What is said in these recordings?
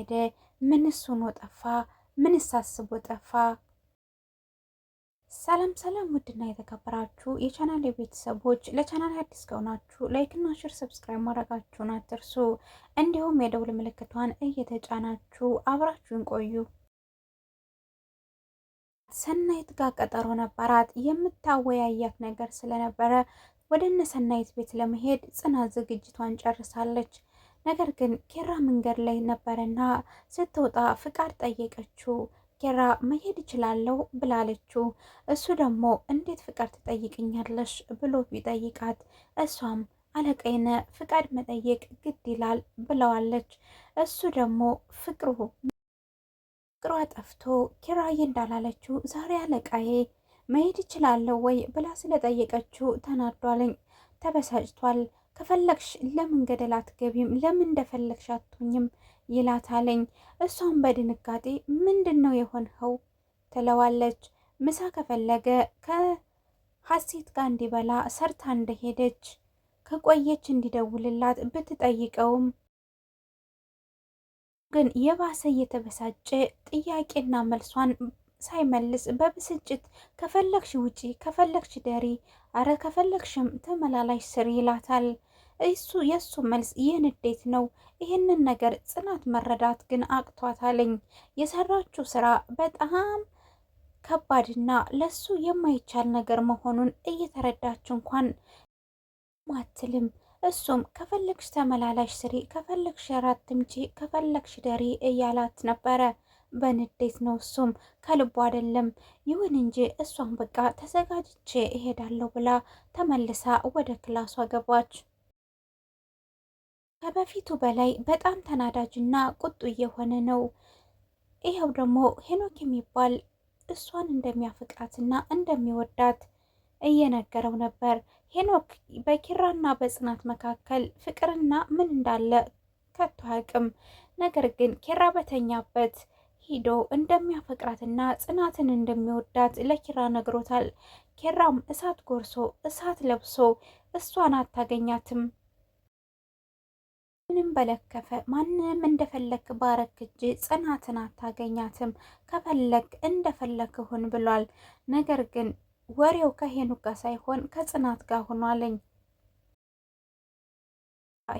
ሄደ? ምንስ ሆኖ ጠፋ? ምንስ አስቦ ጠፋ? ሰላም ሰላም! ውድና የተከበራችሁ የቻናል የቤተሰቦች ለቻናል አዲስ ከሆናችሁ ላይክና ሽር ሰብስክራይብ ማድረጋችሁን አትርሱ። እንዲሁም የደውል ምልክቷን እየተጫናችሁ አብራችሁን ቆዩ። ሰናይት ጋር ቀጠሮ ነበራት። የምታወያያት ነገር ስለነበረ ወደ እነ ሰናይት ቤት ለመሄድ ጽናት ዝግጅቷን ጨርሳለች። ነገር ግን ኬራ መንገድ ላይ ነበረና ስትወጣ ፍቃድ ጠየቀችው። ኬራ መሄድ እችላለሁ ብላለችው። እሱ ደግሞ እንዴት ፍቃድ ትጠይቅኛለሽ ብሎ ቢጠይቃት እሷም አለቃይነ ፍቃድ መጠየቅ ግድ ይላል ብለዋለች። እሱ ደግሞ ፍቅሩ ፍቅሯ ጠፍቶ ኪራዬ እንዳላለችው ዛሬ አለቃዬ መሄድ እችላለሁ ወይ ብላ ስለጠየቀችው ተናዷልኝ፣ ተበሳጭቷል። ከፈለግሽ ለምን ገደል አትገቢም? ለምን እንደፈለግሽ አትሆኝም? ይላታለኝ። እሷም በድንጋጤ ምንድን ነው የሆንኸው ትለዋለች። ምሳ ከፈለገ ከሀሴት ጋር እንዲበላ ሰርታ እንደሄደች ከቆየች እንዲደውልላት ብትጠይቀውም ግን የባሰ እየተበሳጨ ጥያቄና መልሷን ሳይመልስ በብስጭት ከፈለግሽ ውጪ፣ ከፈለግሽ ደሪ፣ አረ ከፈለግሽም ተመላላሽ ስር ይላታል። እሱ የእሱ መልስ ይህን እንዴት ነው። ይህንን ነገር ጽናት መረዳት ግን አቅቷታለኝ። የሰራችው ስራ በጣም ከባድና ለሱ የማይቻል ነገር መሆኑን እየተረዳች እንኳን ማትልም እሱም ከፈለግሽ ተመላላሽ ስሪ፣ ከፈለግሽ ራት ትምጪ፣ ከፈለግሽ ደሪ እያላት ነበረ። በንዴት ነው እሱም ከልቡ አይደለም። ይሁን እንጂ እሷን በቃ ተዘጋጅቼ እሄዳለሁ ብላ ተመልሳ ወደ ክላሷ ገባች። ከበፊቱ በላይ በጣም ተናዳጅና ቁጡ እየሆነ ነው። ይኸው ደግሞ ሄኖክ የሚባል እሷን እንደሚያፈቅራትና እንደሚወዳት እየነገረው ነበር። ሄኖክ በኪራና በጽናት መካከል ፍቅርና ምን እንዳለ ከቶ አያውቅም። ነገር ግን ኪራ በተኛበት ሂዶ እንደሚያፈቅራትና ጽናትን እንደሚወዳት ለኪራ ነግሮታል። ኪራም እሳት ጎርሶ እሳት ለብሶ እሷን አታገኛትም ምንም በለከፈ ማንም እንደፈለክ ባረክ እጅ ጽናትን አታገኛትም። ከፈለክ እንደፈለክ ሁን ብሏል። ነገር ግን ወሬው ከሄኑ ጋር ሳይሆን ከጽናት ጋር ሆኗለኝ።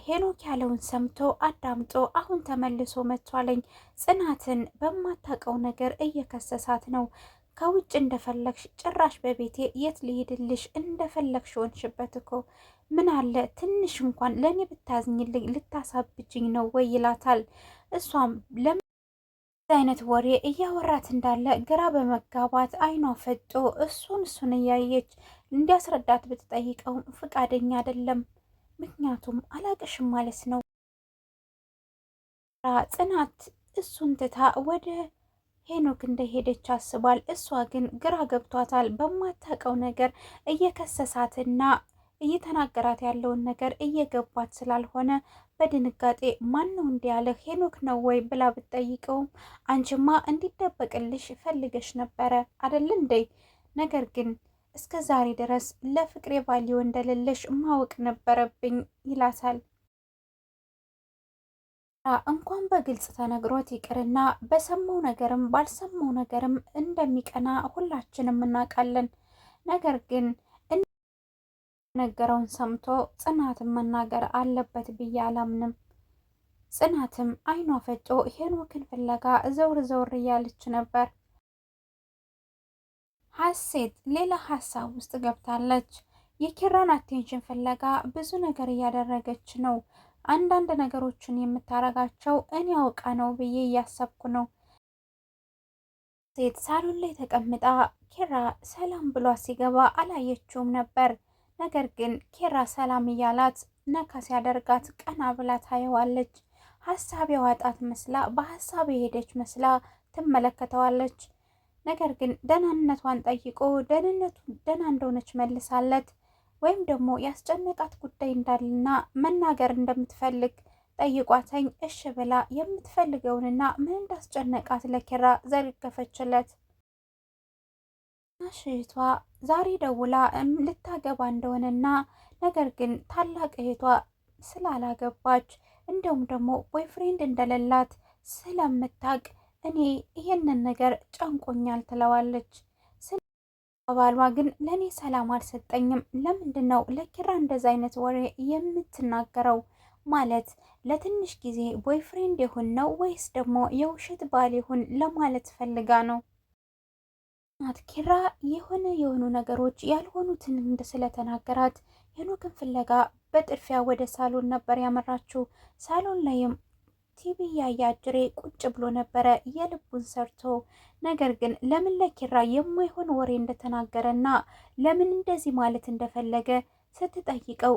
ሄኖክ ያለውን ሰምቶ አዳምጦ አሁን ተመልሶ መጥቷለኝ። ጽናትን በማታውቀው ነገር እየከሰሳት ነው። ከውጭ እንደፈለግሽ ጭራሽ በቤቴ የት ልሄድልሽ እንደፈለግሽ ሆንሽበት እኮ ምን አለ ትንሽ እንኳን ለእኔ ብታዝኝልኝ ልታሳብጅኝ ነው ወይ ይላታል። እሷም ለምን አይነት ወሬ እያወራት እንዳለ ግራ በመጋባት አይኗ ፈጦ እሱን እሱን እያየች እንዲያስረዳት ብትጠይቀውም ፍቃደኛ አይደለም። ምክንያቱም አላቅሽም ማለት ነው ጽናት እሱን ትታ ወደ ሄኖክ እንደሄደች አስቧል። እሷ ግን ግራ ገብቷታል። በማታውቀው ነገር እየከሰሳትና እየተናገራት ያለውን ነገር እየገባት ስላልሆነ በድንጋጤ ማን ነው እንዲህ ያለህ ሄኖክ ነው ወይ ብላ ብትጠይቀውም አንቺማ እንዲደበቅልሽ ፈልገሽ ነበረ አደል እንዴ? ነገር ግን እስከ ዛሬ ድረስ ለፍቅሬ ቫሊዮ እንደሌለሽ ማወቅ ነበረብኝ ይላታል። እንኳን በግልጽ ተነግሮት ይቅርና በሰማው ነገርም ባልሰማው ነገርም እንደሚቀና ሁላችንም እናውቃለን። ነገር ግን ነገረውን ሰምቶ ጽናትን መናገር አለበት ብዬ አላምንም። ጽናትም አይኗ ፈጮ ሄኖክን ፍለጋ ዘውር ዘውር እያለች ነበር። ሀሴት ሌላ ሀሳብ ውስጥ ገብታለች። የኪራን አቴንሽን ፍለጋ ብዙ ነገር እያደረገች ነው። አንዳንድ ነገሮችን የምታረጋቸው እኔ አውቃ ነው ብዬ እያሰብኩ ነው። ሴት ሳሎን ላይ ተቀምጣ ኪራ ሰላም ብሏ ሲገባ አላየችውም ነበር። ነገር ግን ኪራ ሰላም እያላት ነካ ሲያደርጋት ቀና ብላ ታየዋለች። ሀሳብ የዋጣት መስላ በሀሳብ የሄደች መስላ ትመለከተዋለች። ነገር ግን ደህናነቷን ጠይቆ ደህንነቱ ደህና እንደሆነች መልሳለት ወይም ደግሞ ያስጨነቃት ጉዳይ እንዳለና መናገር እንደምትፈልግ ጠይቋተኝ እሽ ብላ የምትፈልገውንና ምን እንዳስጨነቃት ለኪራ ዘረገፈችለት። እህቷ ዛሬ ደውላ ልታገባ እንደሆነና ነገር ግን ታላቅ እህቷ ስላላገባች እንዲሁም ደግሞ ቦይፍሬንድ እንደሌላት ስለምታቅ እኔ ይህንን ነገር ጨንቆኛል ትለዋለች። አባልማ ግን ለእኔ ሰላም አልሰጠኝም። ለምንድን ነው ለኪራ እንደዚ አይነት ወሬ የምትናገረው? ማለት ለትንሽ ጊዜ ቦይፍሬንድ ይሁን ነው ወይስ ደግሞ የውሸት ባል ይሁን ለማለት ፈልጋ ነው። ናት ኪራ የሆነ የሆኑ ነገሮች ያልሆኑትን እንደ ስለተናገራት ሄኖክን ፍለጋ በጥድፊያ ወደ ሳሎን ነበር ያመራችው። ሳሎን ላይም ቲቪ ያየ ቁጭ ብሎ ነበረ የልቡን ሰርቶ። ነገር ግን ለምን ለኪራ የማይሆን ወሬ እንደተናገረና ለምን እንደዚህ ማለት እንደፈለገ ስትጠይቀው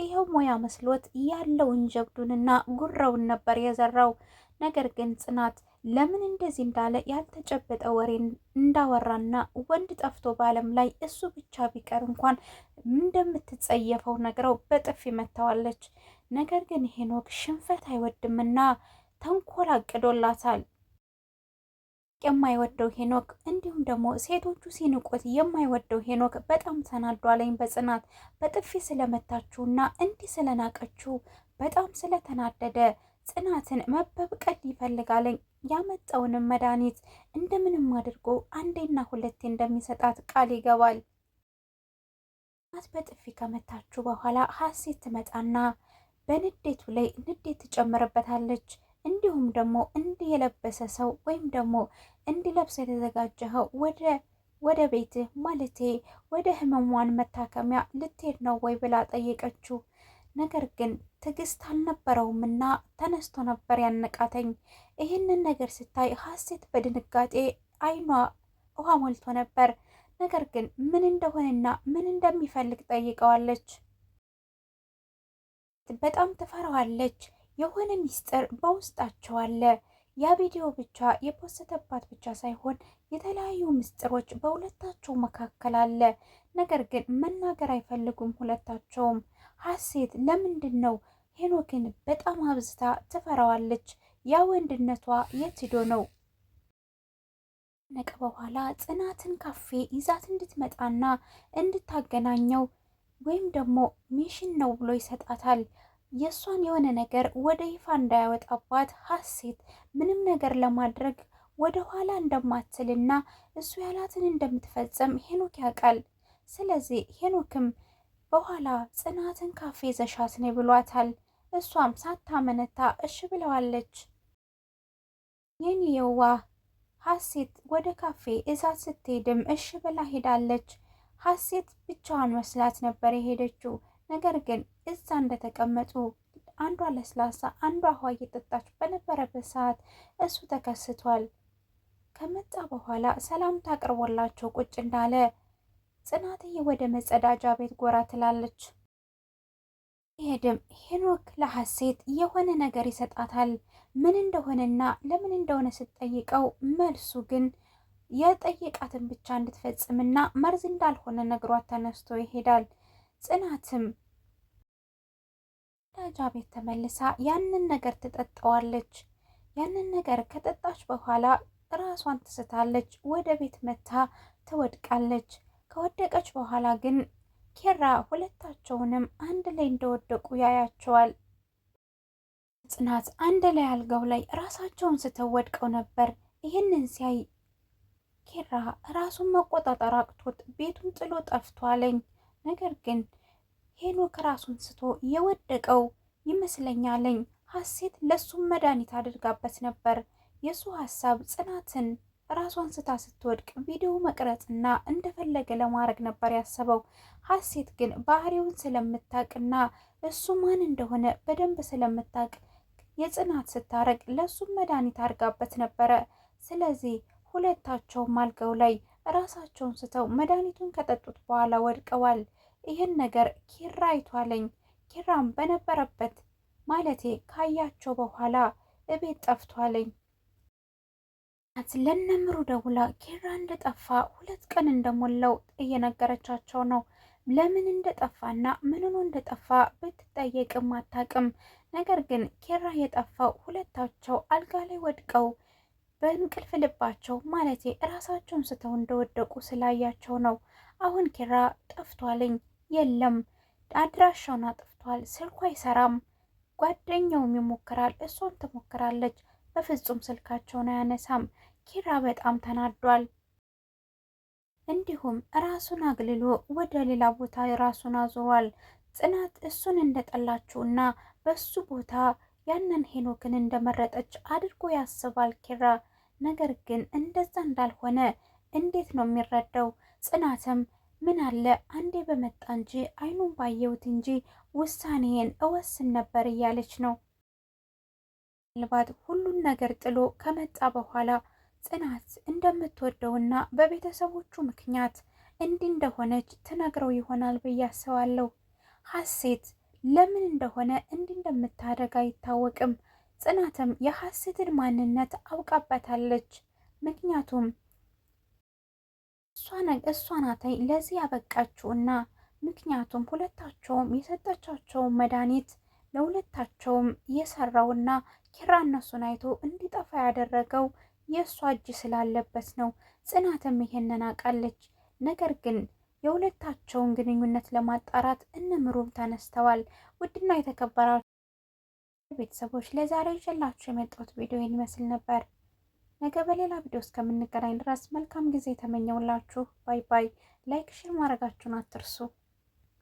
ይኸው ሙያ መስሎት ያለውን ጀብዱንና ጉራውን ነበር የዘራው። ነገር ግን ጽናት ለምን እንደዚህ እንዳለ ያልተጨበጠ ወሬን እንዳወራና ወንድ ጠፍቶ በዓለም ላይ እሱ ብቻ ቢቀር እንኳን እንደምትጸየፈው ነግረው በጥፊ መታዋለች። ነገር ግን ሄኖክ ሽንፈት አይወድምና ተንኮል አቅዶላታል። የማይወደው ሄኖክ እንዲሁም ደግሞ ሴቶቹ ሲንቁት የማይወደው ሄኖክ በጣም ተናዷለኝ። በጽናት በጥፊ ስለመታችውና እንዲህ ስለናቀችው በጣም ስለተናደደ ጽናትን መበብቀል ይፈልጋለኝ። ያመጣውንም መድኃኒት እንደምንም አድርጎ አንዴና ሁለቴ እንደሚሰጣት ቃል ይገባል። ጽናት በጥፊ ከመታችሁ በኋላ ሀሴት ትመጣና በንዴቱ ላይ ንዴት ትጨምርበታለች። እንዲሁም ደግሞ እንዲህ የለበሰ ሰው ወይም ደግሞ እንዲለብሰ የተዘጋጀኸው ወደ ወደ ቤትህ ማለቴ ወደ ህመሟን መታከሚያ ልትሄድ ነው ወይ ብላ ጠየቀችው። ነገር ግን ትዕግስት አልነበረውም እና ተነስቶ ነበር ያነቃተኝ። ይህንን ነገር ስታይ ሀሴት በድንጋጤ አይኗ ውሃ ሞልቶ ነበር። ነገር ግን ምን እንደሆነና ምን እንደሚፈልግ ጠይቀዋለች። በጣም ትፈራዋለች። የሆነ ሚስጥር በውስጣቸው አለ። ያ ቪዲዮ ብቻ የፖስተባት ብቻ ሳይሆን የተለያዩ ምስጢሮች በሁለታቸው መካከል አለ። ነገር ግን መናገር አይፈልጉም ሁለታቸውም። ሀሴት ለምንድን ነው ሄኖክን በጣም አብዝታ ትፈራዋለች? ያ ወንድነቷ የት ሂዶ ነው? ነቀ በኋላ ጽናትን ካፌ ይዛት እንድትመጣና እንድታገናኘው ወይም ደግሞ ሚሽን ነው ብሎ ይሰጣታል። የእሷን የሆነ ነገር ወደ ይፋ እንዳያወጣባት ሀሴት ምንም ነገር ለማድረግ ወደ ኋላ እንደማትልና እሱ ያላትን እንደምትፈጽም ሄኖክ ያውቃል። ስለዚህ ሄኖክም በኋላ ጽናትን ካፌ ዘሻት ነው ብሏታል። እሷም ሳታመነታ እሽ ብለዋለች። የኔ የዋ ሀሴት ወደ ካፌ እዛት ስትሄድም እሽ ብላ ሄዳለች። ሀሴት ብቻዋን መስላት ነበር የሄደችው። ነገር ግን እዛ እንደተቀመጡ አንዷ ለስላሳ አንዷ ውሃ እየጠጣች በነበረበት ሰዓት እሱ ተከስቷል። ከመጣ በኋላ ሰላምታ አቅርቦላቸው ቁጭ እንዳለ ጽናትዬ ወደ መጸዳጃ ቤት ጎራ ትላለች። ይሄድም ሄኖክ ለሀሴት የሆነ ነገር ይሰጣታል። ምን እንደሆነና ለምን እንደሆነ ስትጠይቀው መልሱ ግን የጠየቃትን ብቻ እንድትፈጽምና መርዝ እንዳልሆነ ነግሯት ተነስቶ ይሄዳል። ጽናትም ዳጃ ቤት ተመልሳ ያንን ነገር ትጠጣዋለች። ያንን ነገር ከጠጣች በኋላ ራሷን ትስታለች። ወደ ቤት መታ ትወድቃለች። ከወደቀች በኋላ ግን ኬራ ሁለታቸውንም አንድ ላይ እንደወደቁ ያያቸዋል። ጽናት አንድ ላይ አልጋው ላይ ራሳቸውን ስተወድቀው ነበር። ይህንን ሲያይ ኪራ ራሱን መቆጣጠር አቅቶት ቤቱን ጥሎ ጠፍቷለኝ። ነገር ግን ሄኖክ ራሱን ስቶ የወደቀው ይመስለኛለኝ። ሀሴት ለሱም መድኃኒት አድርጋበት ነበር። የእሱ ሀሳብ ጽናትን ራሷን ስታ ስትወድቅ ቪዲዮ መቅረጽና እንደፈለገ ለማድረግ ነበር ያሰበው። ሀሴት ግን ባህሪውን ስለምታውቅና እሱ ማን እንደሆነ በደንብ ስለምታውቅ የጽናት ስታረግ ለእሱም መድኃኒት አድርጋበት ነበረ። ስለዚህ ሁለታቸውም አልጋው ላይ ራሳቸውን ስተው መድኃኒቱን ከጠጡት በኋላ ወድቀዋል። ይህን ነገር ኪራ አይቷለኝ። ኪራም በነበረበት ማለቴ ካያቸው በኋላ እቤት ጠፍቷለኝ። ለነምሩ ደውላ ኪራ እንደጠፋ ሁለት ቀን እንደሞላው እየነገረቻቸው ነው። ለምን እንደጠፋና ምንኑ እንደጠፋ ብትጠየቅም አታውቅም። ነገር ግን ኪራ የጠፋው ሁለታቸው አልጋ ላይ ወድቀው በእንቅልፍ ልባቸው ማለቴ እራሳቸውን ስተው እንደወደቁ ስላያቸው ነው። አሁን ኪራ ጠፍቷልኝ የለም፣ አድራሻውን አጥፍቷል፣ ስልኩ አይሰራም። ጓደኛውም ይሞክራል፣ እሷም ትሞክራለች፣ በፍጹም ስልካቸውን አያነሳም። ኪራ በጣም ተናዷል። እንዲሁም ራሱን አግልሎ ወደ ሌላ ቦታ ራሱን አዙሯል። ጽናት እሱን እንደጠላችውና በሱ ቦታ ያንን ሄኖክን እንደመረጠች አድርጎ ያስባል ኪራ። ነገር ግን እንደዛ እንዳልሆነ እንዴት ነው የሚረዳው? ጽናትም ምን አለ አንዴ በመጣ እንጂ አይኑን ባየሁት እንጂ ውሳኔዬን እወስን ነበር እያለች ነው። ምናልባት ሁሉን ነገር ጥሎ ከመጣ በኋላ ጽናት እንደምትወደውና በቤተሰቦቹ ምክንያት እንዲህ እንደሆነች ትነግረው ይሆናል ብዬ አስባለሁ። ሀሴት ለምን እንደሆነ እንዲህ እንደምታደርግ አይታወቅም። ጽናትም የሐሴትን ማንነት አውቃበታለች። ምክንያቱም እሷ ናታይ ለዚህ ያበቃችውና ምክንያቱም ሁለታቸውም የሰጠቻቸውን መድኃኒት ለሁለታቸውም የሰራውና ኪራ እነሱን አይቶ እንዲጠፋ ያደረገው የእሷ እጅ ስላለበት ነው። ጽናትም ይሄንን አውቃለች። ነገር ግን የሁለታቸውን ግንኙነት ለማጣራት እነ ምሩም ተነስተዋል። ውድና የተከበራችሁ ቤተሰቦች ለዛሬ ይዤላችሁ የመጣሁት ቪዲዮ ይመስል ነበር። ነገ በሌላ ቪዲዮ እስከምንገናኝ ድረስ መልካም ጊዜ ተመኘውላችሁ። ባይ ባይ። ላይክ፣ ሼር ማድረጋችሁን አትርሱ።